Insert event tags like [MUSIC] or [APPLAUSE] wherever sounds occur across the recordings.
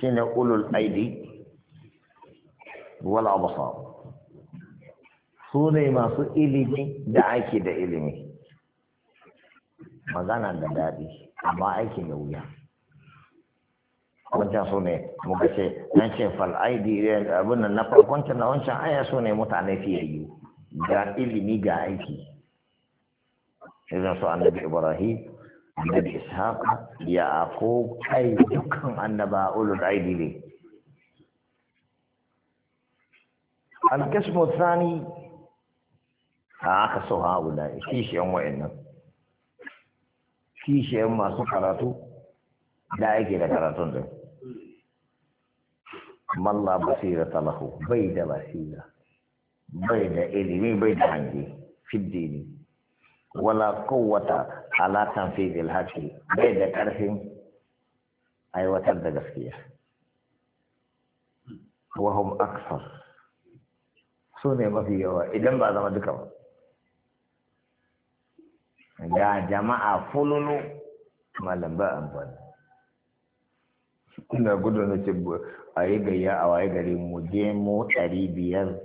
shine ulul aidi Wala absar su ne masu ilimi da aiki da ilimi magana da daɗi amma aiki da wuya wancan su ne muka ce nan ce fal'aidi abin nan na farkon na wancan aya su ne mutane fiye yi ga ilimi ga aiki irin su annabi ibrahim annabi ishaqa ya ko kai dukkan annaba ulul aidi ne alkasmu thani a aka so haula kishiyan wa'annan kishiyan masu karatu da ake da karatun din malla basira talahu bai da basira bai da ilimi bai da hange fiddini wala kowata ala tanfizil haqqi bai da ƙarfin aiwatar da gaskiya wahum aksar su ne mafi yawa idan ba zama duka ba ga jama'a fululu malam ba amfani ina gudu na ce a yi gayya a waye gari mu je mu ɗari biyar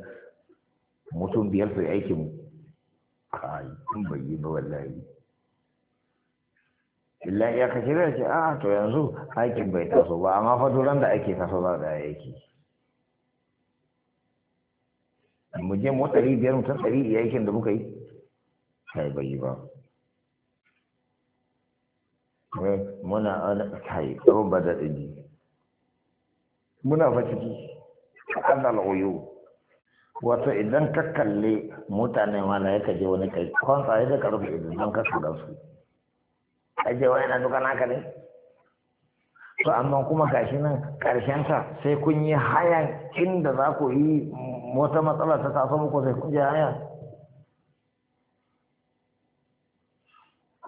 mutum biyar su aikin mu kai kun bai ba wallahi billahi ya kashe da ce a ah, to yanzu aikin bai taso ba amma fa faturan da ake taso ba da yake mu je mu ɗari biyar mu ɗari iya aikin da muka yi kai bai yi ba muna ana kai tsaro da ɗin muna fa ciki an al'uyu wato idan ka kalli mutane mala ya kaje wani kai kwan tsaye da rufe idan don kasu da su aje wani na duka naka ne to amma kuma gashi nan karshen ta sai kun yi hayan inda za ku yi wata matsala ta taso muku sai kun je hayan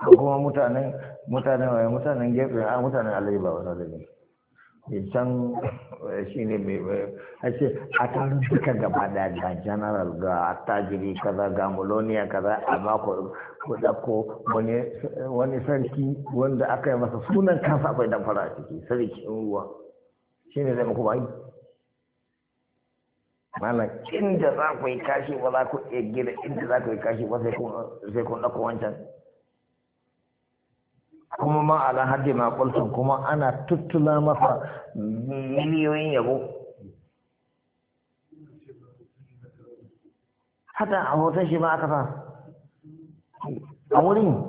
ko kuma mutanen mutanen mutanen gefe a mutanen alayi ba wani da ne can shi ne mai a tarin duka gaba da ga general ga attajiri kaza ga moloniya kaza amma mako ko wani sarki wanda aka yi masa sunan kansa akwai dan fara ciki sarki ruwa shi ne zai muku bayi mana inda za ku yi kashi ba za ku iya gida inda za ku yi kashi ba sai kun ɗauko wancan kuma ma ala haddi ma kulsun kuma ana tuttula masa miliyoyin yabo hata a hoton shi ma aka sa a wurin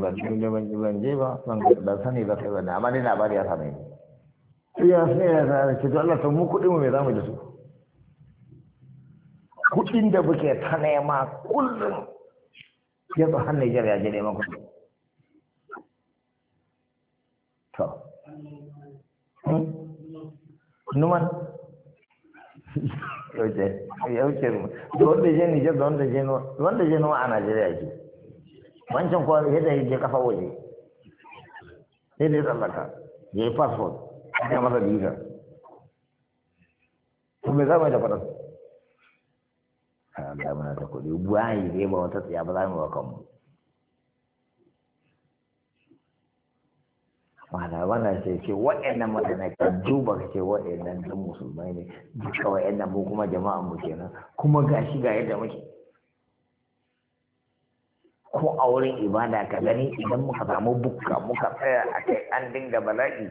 ba ji ne ban ji ban je ba ban da sani ba kai ba da amma na bari ya same ni. Ya sai ya sai ki Allah ta mu kudi mu me zamu da su. Kuɗin da buke ta nema kullum ya ba har Nijar ya je neman kuɗi to hmm? numan [LAUGHS] yauce yauce da wanda je Nijar da wanda je nuwa wanda je nuwa a Najeriya ke wancan kuwa yadda ya je kafa waje Yadda da ya tsallaka ya yi fasfot ya masa biza to me za mu yi da faɗin Allah muna ta kuɗi bayi dai ba wata tsaya ba za mu wa kanmu mana sai ce waɗannan mutane ka duba ka ce waɗannan duk musulmai ne duka waɗannan mu kuma jama'a mu kenan kuma gashi ga yadda muke ko a wurin ibada ka gani idan muka samu bukka muka tsaya a kai an dinga bala'i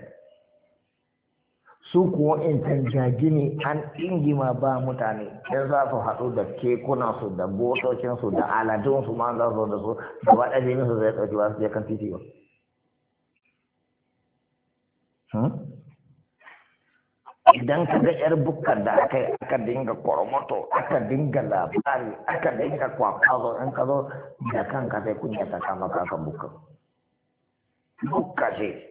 su kuwa in canjaji ne an ingima ba mutane in za su haɗu da kekunansu da botokinsu, da aladunsu ma za su da su da ba ɗaje musu zai ɗauki ba su je kan titi ba. Hmm? Idan ka ga ‘yar bukkar da aka yi aka dinga koromoto, aka dinga labari, aka dinga kwakwazo in ka zo da kanka sai kunya ta kama kakan bukkar. Bukka ce,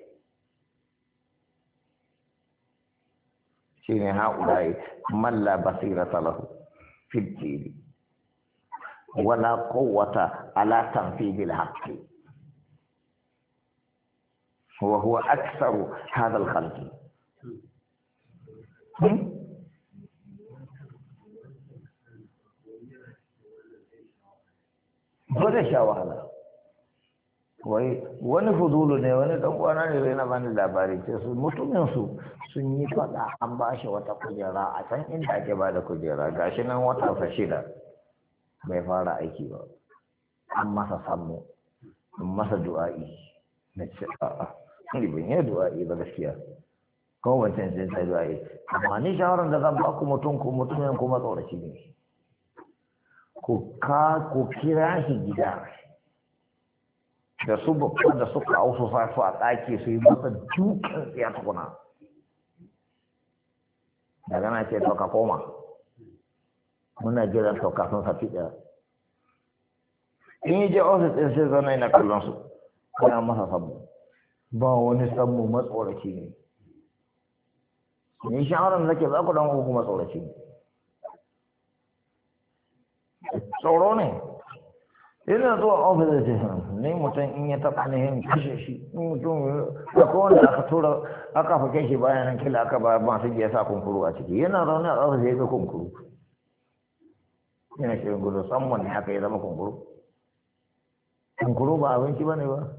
شين هؤلاء من لا بصيرة له في الدين ولا قوة على تنفيذ الحق وهو أكثر هذا الخلق بدأ شاوه هذا wai wani fudulu ne wani dan kwana ne zai na bani labari ce su mutumin su sun yi faɗa an ba shi wata kujera a can inda ake ba da kujera gashi nan wata sa shida bai fara aiki ba an masa sammu in masa du'a'i na ce a'a ni ban yi du'a'i ba gaskiya ko wancan sai sai du'a'i amma ni shawaran da zan ba ku mutum ku mutumin kuma tsoraci ne ku ka ku kira shi gida da su babban da suka ausu sa su a ɗaki su yi masa dukan ya tukuna daga na ce tauka koma muna jiran tauka sun sa fiɗa in yi je ofis ɗin sai zana yana kallon su kuna masa sabu ba wani sabu matsoraci ne ni shawarar zake za ku dan uku matsoraci ne tsoro ne ina zuwa ofis da jihin ne mutum in ya taba ne yin kashe shi in mutum ya kowane aka tura aka fake shi bayan nan kila aka ba masu ya sa kunkuru a ciki yana zaune a ofis ya ga kunkuru yana shi gudu samun ne haka ya zama kunkuru kunkuru ba abinci ba ne ba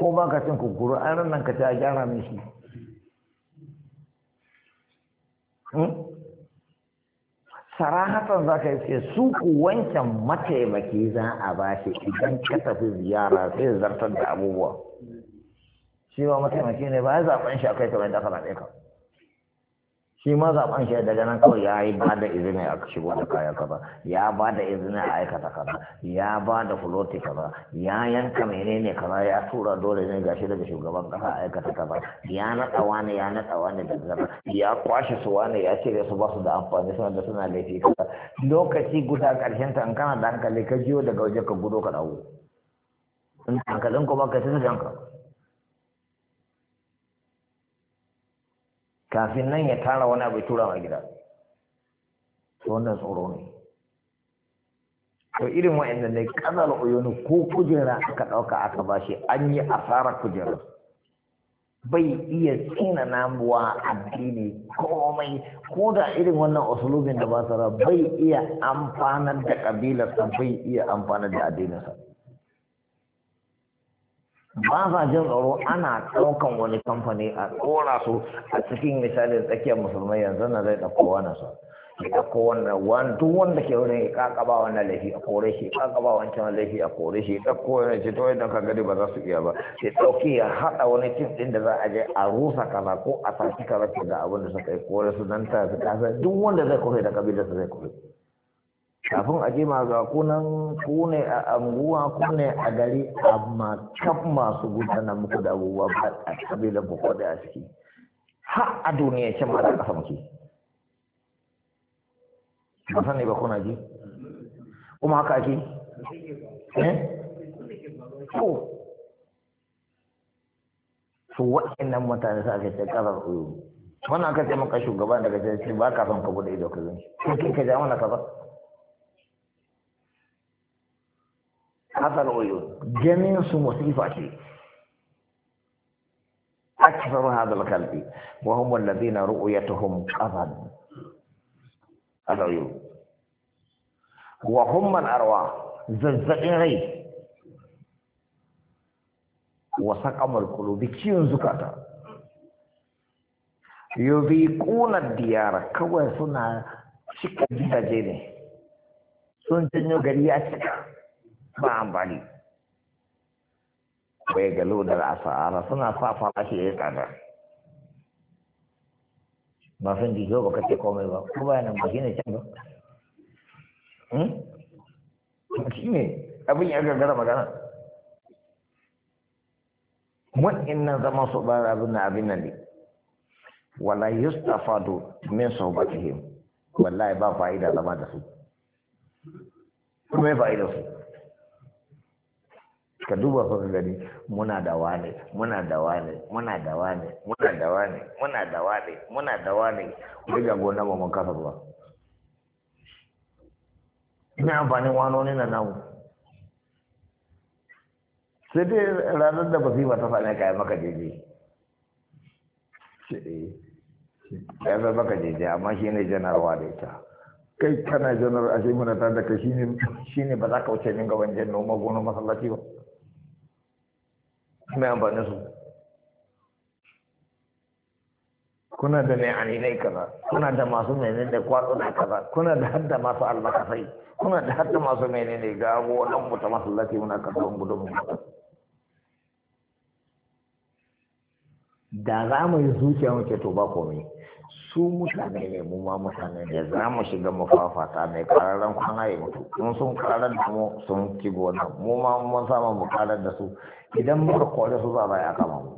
ko ba ka cin kunkuru an ran nan ka ta a gyara min shi hmm? sarahatan za ka ce su ku wancan mataimaki za a ba shi idan ka tafi ziyara sai zartar da abubuwa shi ba mataimaki ne ba ya zaɓen shi akai kamar da aka na ka shi ma zaɓen shi daga nan kawai ya yi ba da izini a shigo da kaya kaza ya ba da izini a aikata kaza ya ba da fuloti kaza ya yanka menene kaza ya tura dole ne gashi daga shugaban kasa a aikata kaza ya naɗa wani ya naɗa wani da zara ya kwashe su wani ya cire su ba su da amfani suna da suna laifi kaza lokaci guda ƙarshen ta in kana da hankali ka jiyo daga waje ka gudo ka dawo in hankalin ko ba ka ci su janka kafin nan ya tara wani abu tura ma gida to wannan tsoro ne to irin wa'anda ne kazal oyoni ko kujera aka ɗauka aka bashi an yi asarar kujera bai iya tsina namuwa addini komai ko da irin wannan usulubin da ba bai iya amfanar da kabilarsa bai iya amfanar da addininsa ba sa jin tsaro ana ɗaukan wani kamfani a ɗora su a cikin misalin tsakiyar musulmai yanzu na zai ɗauko wani su ya ɗauko wannan wani duk wanda ke wurin ya ƙaƙaba wannan laifi a kore shi ya ƙaƙaba wancan laifi a kore shi ɗauko wani ce ta wajen ka gani ba za su iya ba sai ɗauki ya haɗa wani cin ɗin da za a je a rusa kaza ko a saki kaza da abin da suka yi kore su nan ta su kasa duk wanda zai kore da kabilarsa zai kore. kafin a je maza kunan ku ne a anguwa ku ne a gari amma kan masu na muku da abubuwa ba a kabilar buko da a ciki ha a duniya ce mara kasa muke ba sani ba kuna ji kuma haka ake eh to su waɗannan mutane sa ake tsakarar uyu wannan aka ce maka shugaban daga cikin ba ka son ka bude ido ka zanci ko kai ka ja ka ba hadal uyun ganin su musifa ce akthar hadal kalbi wa hum alladhina ru'yatuhum qadad al uyun wa hum man arwa zazzaqin rai wa saqamul qulubi ciwon zukata yuziquna diyara kawai suna cika gidaje ne sun janyo gari ya cika ba amfani bai galo da asara suna sa shi ya yi tsada ba sun ji ba kake komai ba ko ba yana mafi ne can ba hmm? shi ne abin ya gagara magana nan zama su ba abin na abin nan ne wala yustafadu min sohbatihim wallahi ba fa'ida zama da su kuma ya fa'ida su ka duba fa gani muna da wane muna da wane muna da wane muna da wane muna da wane muna da wane wai ga gona ba mun kasa ba ina amfanin wanoni na namu sai dai ranar da basifa ta faɗa kayan maka daidai ya zai maka daidai amma shi ne janarwa da ita kai kana janar ashe muna ta da kai shi ne ba za ka wuce min gaban noma gona masallaci ba mai amfani su kuna da mai aninai kaza kuna da masu menene kwatsuna kaza kuna da hadda masu almakasai kuna da hadda masu ne ga gonan mu ta lati muna karɓar gudun da za mu yi zuciya muke to ba komai su mutane ne mu ma mutane ne za mu shiga mafafata mai kararren kwana ya mutu mun sun karar da mu sun ci gona mu ma mun samu mu karar da su idan muka kore su za baya kama mu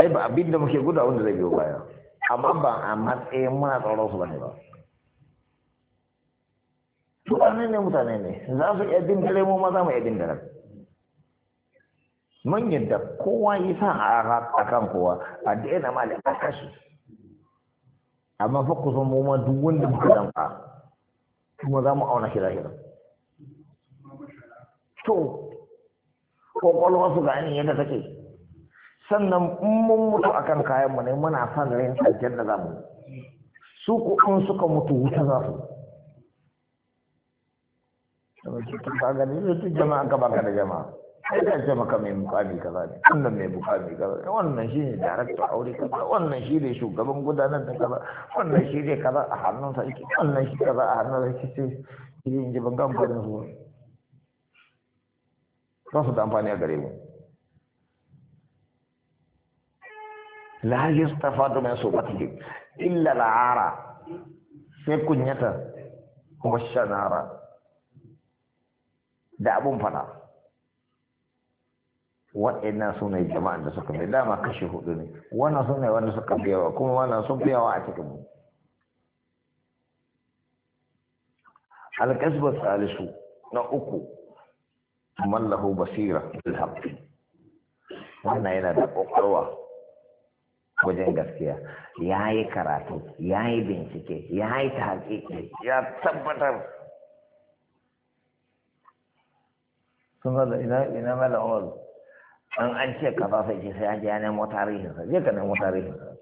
ai ba abin da muke guda wanda zai biyo baya amma ba a matsayin muna tsoron su bane ba mutane ne mutane ne za su iya bin dare mu ma za mu iya bin dare mun yadda kowa yi sa a kan kowa a daina ma da kashi amma fa kusan mu ma duk wanda muka danka kuma za mu auna shi lahirin to kwakwalwa su ga yadda take sannan in mun mutu akan kayan mu ne muna son rin aljanna za mu su ku in suka mutu wuta za su ka gani zai tu jama'a ka baka da jama'a sai ka ce maka mai mukami kaza ne wannan mai mukami kaza ne wannan shi ne darakta aure kaza wannan shi ne shugaban gudanar da kaza wannan shi ne kaza a hannun yake wannan shi kaza a hannun yake sai ce, shi ne gan farin su Kan su da amfani a gare mu la mai min ke. illa la'ara, sai kunyata kuma shanara da abun fada waɗannan su ne jama'an da suka mai dama kashe hudu ne wannan su ne wanda suka biyawa kuma wannan sun biyawa a cikin mu alƙasbar salisu na uku man lahu basira bil haqq wannan yana da kokarwa wajen gaskiya ya yi karatu ya yi bincike ya yi tahqiqi ya tabbatar sun ga ina ina mala ol an an ce ka ba sai sai an ji ana mu tarihin sa je ka nemo tarihin sa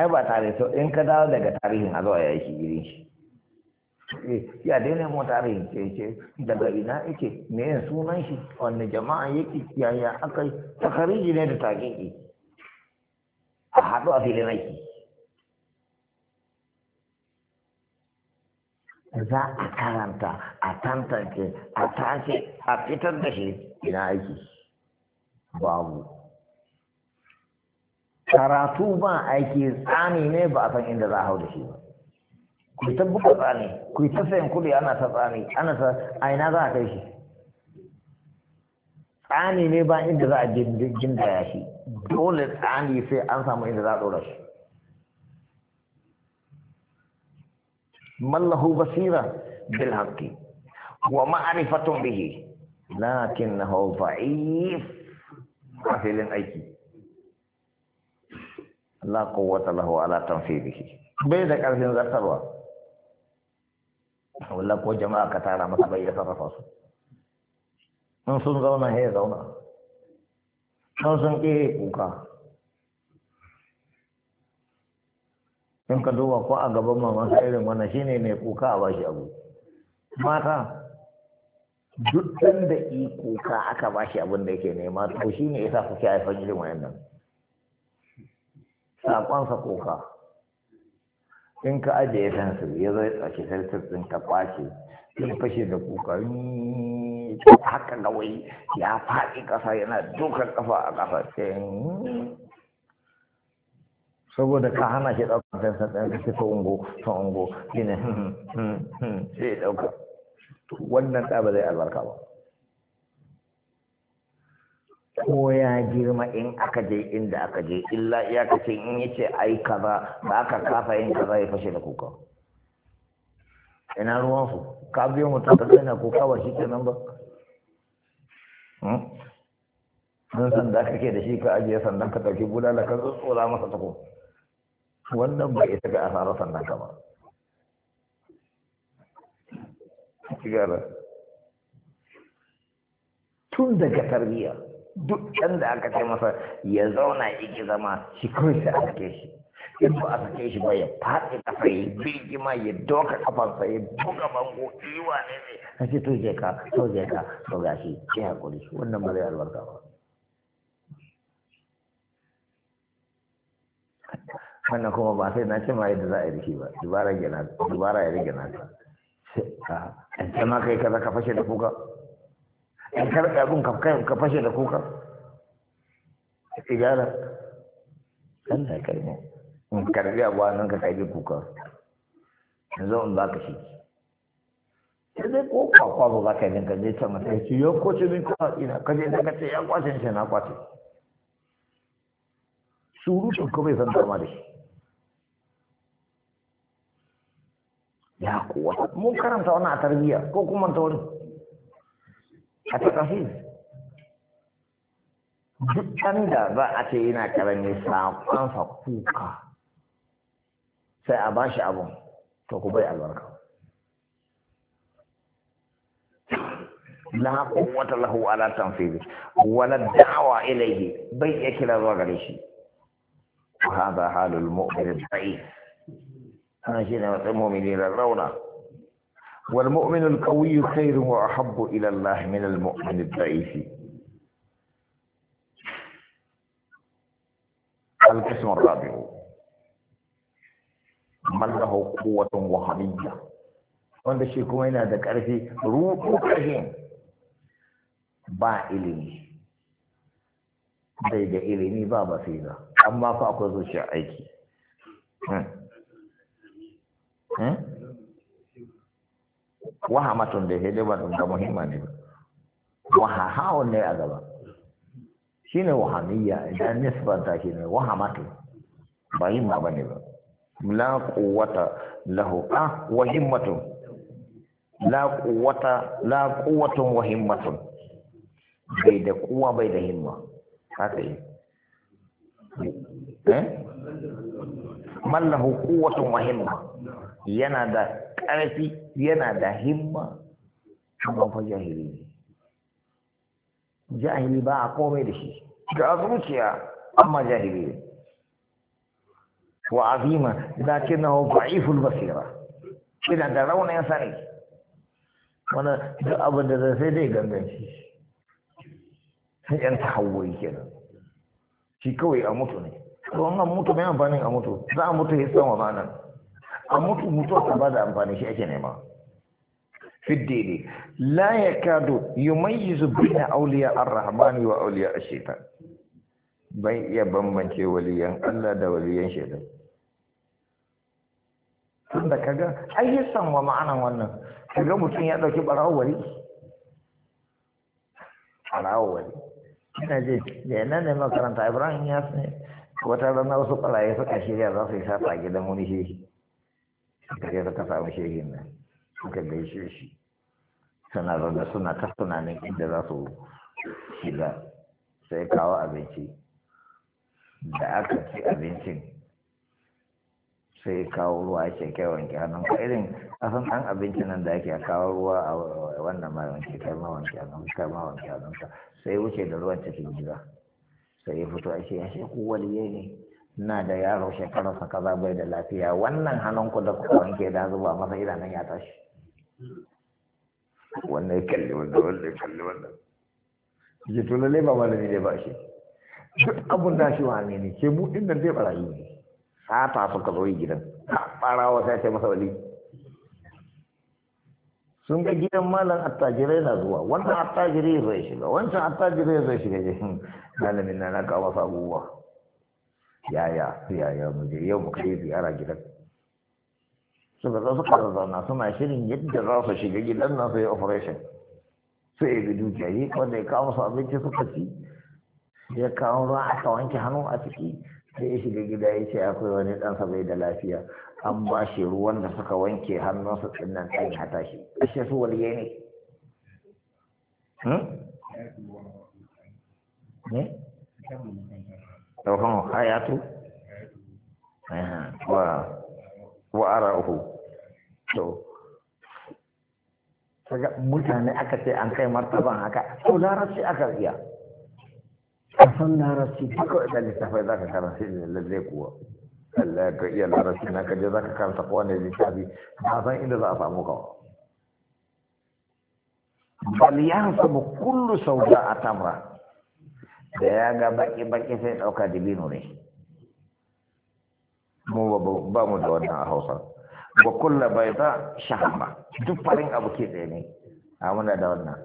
ai ba tare to in ka dawo daga tarihin a zo a yi shi girin shi Eh, ya daina mota rai ce ce daga ina yake me yin sunan shi wanda jama'a yake yaya aka yi takariji ne da taginki a haɗu a filin aiki za a karanta a tantance a tace a fitar da shi ina aiki babu karatu ba aiki tsami ne ba a san inda za a hau da shi ba ku ta buga tsani ku ta sayan kuɗi ana ta tsani ana ta a ina za a kai shi tsani ne ba inda za a gindaya shi dole tsani sai an samu inda za a ɗora shi mallahu basira bil haqqi wa ma'rifatun bihi lakinnahu da'if kafilin aiki la quwwata lahu ala tanfidihi bai da karfin zartarwa wallah ko jama'a ka tara masa bai da sarrafa su in sun zauna ya zauna sun sun ke kuka in ka duba ko a gaban mamansa irin wannan shine mai kuka a bashi abu mata duk ɗan da yi kuka aka bashi abin da yake nema to shine yasa kuke haifan irin wayannan saƙonsa kuka in ka ajiye fensir ya zo ya ɗauki fensir ɗin ka kwashe sai fashe da kuka haka ga wai ya faɗi ƙasa yana dukan ƙafa a ƙasa saboda ka hana shi ɗaukar fensir ɗin ka ce ta ungo ta ungo shi ne sai ya ɗauka wannan ɗa ba zai albarka ba ko ya girma in aka je inda aka je illa ya kace in yace ai kaza ba aka kafa yin kaza ya fashe da kuka ina ruwan su ka biyo mutum ka kaina na kuka ba shi kenan ba hmm? dan sanda kake da shi ka ajiye sandan ka dauki bulala ka tsora masa tako wannan ba ita ga asara sandan ka ba tun daga tarbiyya duk can aka ce masa ya zauna iki zama shi kawai sai a sake shi in ba a sake shi ba ya faɗi kafa ya birgima ya doka kafansa ya buga bango iwa eh, ne ne a ce to je ka to je ka to gashi ce hakuri wannan ba zai albarka ba wannan kuma ba sai na ce ma yadda za a yi da shi ba dubara ya rage nasa sai a ce ma kai kaza ka fashe da kuka in karɓe abin ka fashe da kuka sigara kan da kai ne in karɓe abu a nan ka tafi kuka yanzu in ba ka shi sai zai ko kwakwa ba za ka yi ka zai ta mata ce ya kwace min kuma ina ka je ka ce ya kwace ni na kwace surutun ko bai san dama da shi ya kuwa mun karanta wani a tarbiyya ko kuma ta wani ka taɓa duk da ba a ce yana karami saƙonsa kuka sai a bashi abun to ku bai albarka la quwwata lahu ala tanfiri wala da'wa ilaihi bai ya kira zuwa gare shi wa hadha halul mu'min al-da'if ana shi ne mu'mini rarrauna والمؤمن القوي خير واحب الى الله من المؤمن الضعيف القسم الرابع من له قوة وحمية وانت شيكو هنا ذكر في روح كهين با إليني بيد إليني بابا فينا. أما فأقوز الشعيكي هم هم wahamatun da sai dai ba ga muhimma ne wahahawun ne a gaba shine wahamiyya idan nisbanta shi ne wahamatu ba himma ba ne ba la quwwata lahu ah wa himmatun la quwwata la wa himmatun bai da kuwa bai da himma haka yi eh man lahu quwwatun wa himma yana da ƙarfi yana da himma amma fa jahili ne jahili ba a komai da shi ga zuciya amma jahili ne wa azima da na lakinnahu da'iful basira yana da raunin sani wani duk abin da zai sai dai ganganci sai yan ta tahawuri kenan shi kawai a mutu ne to wannan mutu mai amfanin a mutu za a mutu ya hisan wa nan. a mutu mutuwa ta ba da amfani shi ake nema ne la ya kado yumayyizu baina auliya ar wa auliya a shaytan bai iya bambance waliyan Allah da waliyan tun tunda kaga ayyukan wa ma'anan wannan kaga mutum ya dauki barawo wali barawo wali ina je da yana ne makaranta Ibrahim ya sani wata rana wasu baraye suka shirya za su yi sata a gidan wani shi suka ya suka samu shehin nan suka gaishe shi suna zaune suna ta tunanin inda za su shiga sai kawo abinci da aka ci abincin sai kawo ruwa a kai wanke hannun ka irin san an abincin nan da ake kawo ruwa a wannan ma wanke kai ma wanke hannun kai ma wanke hannun ka sai wuce da ruwan cikin gida sai ya fito a ake shi ku waliyai ne Na da yaro shekararsa kaza bai da lafiya wannan hannunku da kuka wanke da zuba masa idanun ya tashi wannan ya kalli wanda wanda ya kalli wanda ya tuna ne ba malami ne ba shi duk abun da shi wa ne ne ke mu din zai barayi ne sata suka zo yi gidan ka wa sai ce masa wali sun ga gidan malam attajirai na zuwa wannan attajirai zai shiga wancan attajirai zai shiga malamin na na kawo masa abubuwa yaya yaya mu je yau mu yi ziyara gidan suka zo suka zauna suna shirin yadda za su shiga gidan na su yi operation su yi bidu jari wanda ya kawo su abinci suka ci ya kawo ruwa aka wanke hannu a ciki sai ya shiga gida ya ce akwai wani sa bai da lafiya an ba shi ruwan da suka wanke hannunsa tsinnan ɗan ya tashi ashe su waliyai ne ne? Hmm? Hmm? ɗaukan hayatu wa ara'uhu to kaga mutane aka ce an kai martaban haka to larabci aka iya a san larabci duka da littafai za ka karanta ne lallai kuwa Allah ka iya larabci na kaje za ka karanta kowane littafi ba san inda za a samu kawo bal yansabu kullu sauda atamra da ya ga baki-baki sai ɗauka dibino ne mu ba mu da wannan a hausa ba kulla bai ba shahama duk farin abu ke tsaye ne a muna da wannan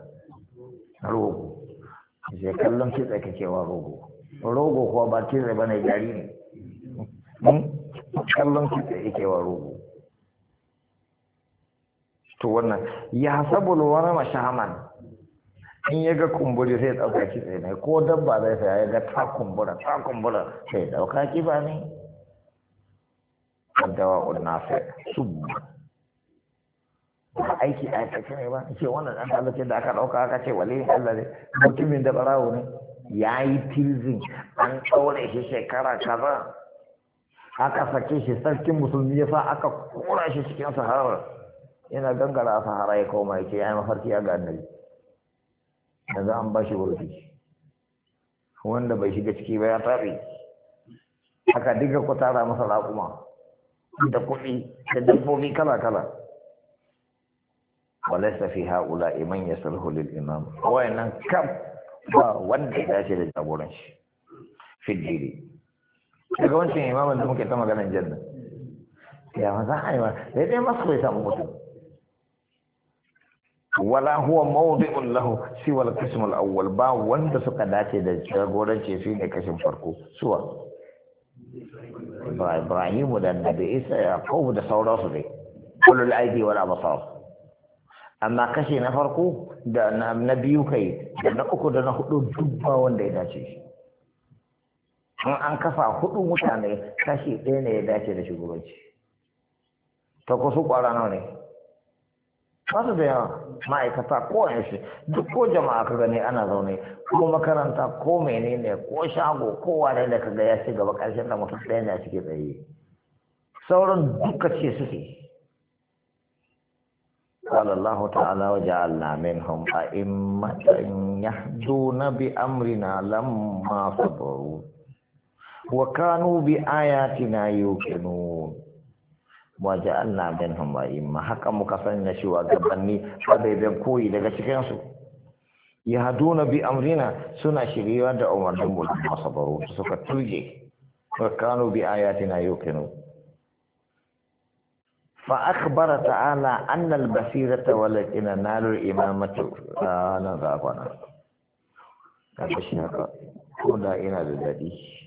rogo sai kallon kitse kakewa rogo rogo kuwa ba kitse ba ne jari hmm? ne kallon kitse yakewa rogo to wannan ya sabu ma shahaman? in ya ga kumburi sai ɗauka sai ne ko dabba zai sai ya ga ta kumbura ta kumbura sai ɗauka kiba ne dawa ƙunna sai subba ba aiki a cikin ne ba ce wannan ɗan talauce da aka ɗauka aka ce wali Allah ne mutumin da barawo ne ya yi tilzin an ɗaure shi shekara kaza aka sake shi sarkin musulmi ya sa aka kora shi cikin sahara yana gangara a sahara ya koma ya ce ya yi mafarki ya ga annabi yanzu an ba shi wurfi wanda bai shiga ciki ba ya taɓe haka duka ku tara masa raƙuma da kuɗi da dabbobi kala-kala walaisa fi haula iman ya sulhu lil imam wayannan kam ba wanda ya ce da jagoran shi fi diri daga wancan imamin da muke ta maganar janna ya ma za a yi ma daidai masu bai samu mutum wala huwa mawdi'un lahu siwa al-qism al-awwal ba wanda suka dace da jagoranci shi ne kashin farko suwa Ibrahim da Nabi Isa ya kawo da sauransu dai kullul aidi wala basar amma kashi na farko da na biyu kai da na uku da na hudu duk ba wanda ya dace shi an kafa hudu mutane kashi ɗaya ne ya dace da shugabanci ta su kwara nawa ne fasa da yawa ma'aikata ko yaushe duk ko jama'a ka gani ana zaune ko makaranta ko menene ko shago ko wane da ka ga ya ci gaba karshen da mutum ɗaya ne a cikin tsaye sauran duka ce suke قال الله تعالى وجعلنا منهم أئمة يهدون بأمرنا لما صبروا وكانوا بآياتنا يوقنون waje an na bin hamayi ma haka muka sani na shiwa gabanni ba daidai koyi daga cikinsu ya hadu na bi amrina suna shiriwa da umarnin mu da masu su suka tuje kano bi ayati na yau kano fa akhbara ta'ala anna al-basirata walakinna nalul imamatu ana ah, zakwana kafashin haka ko da ina da dadi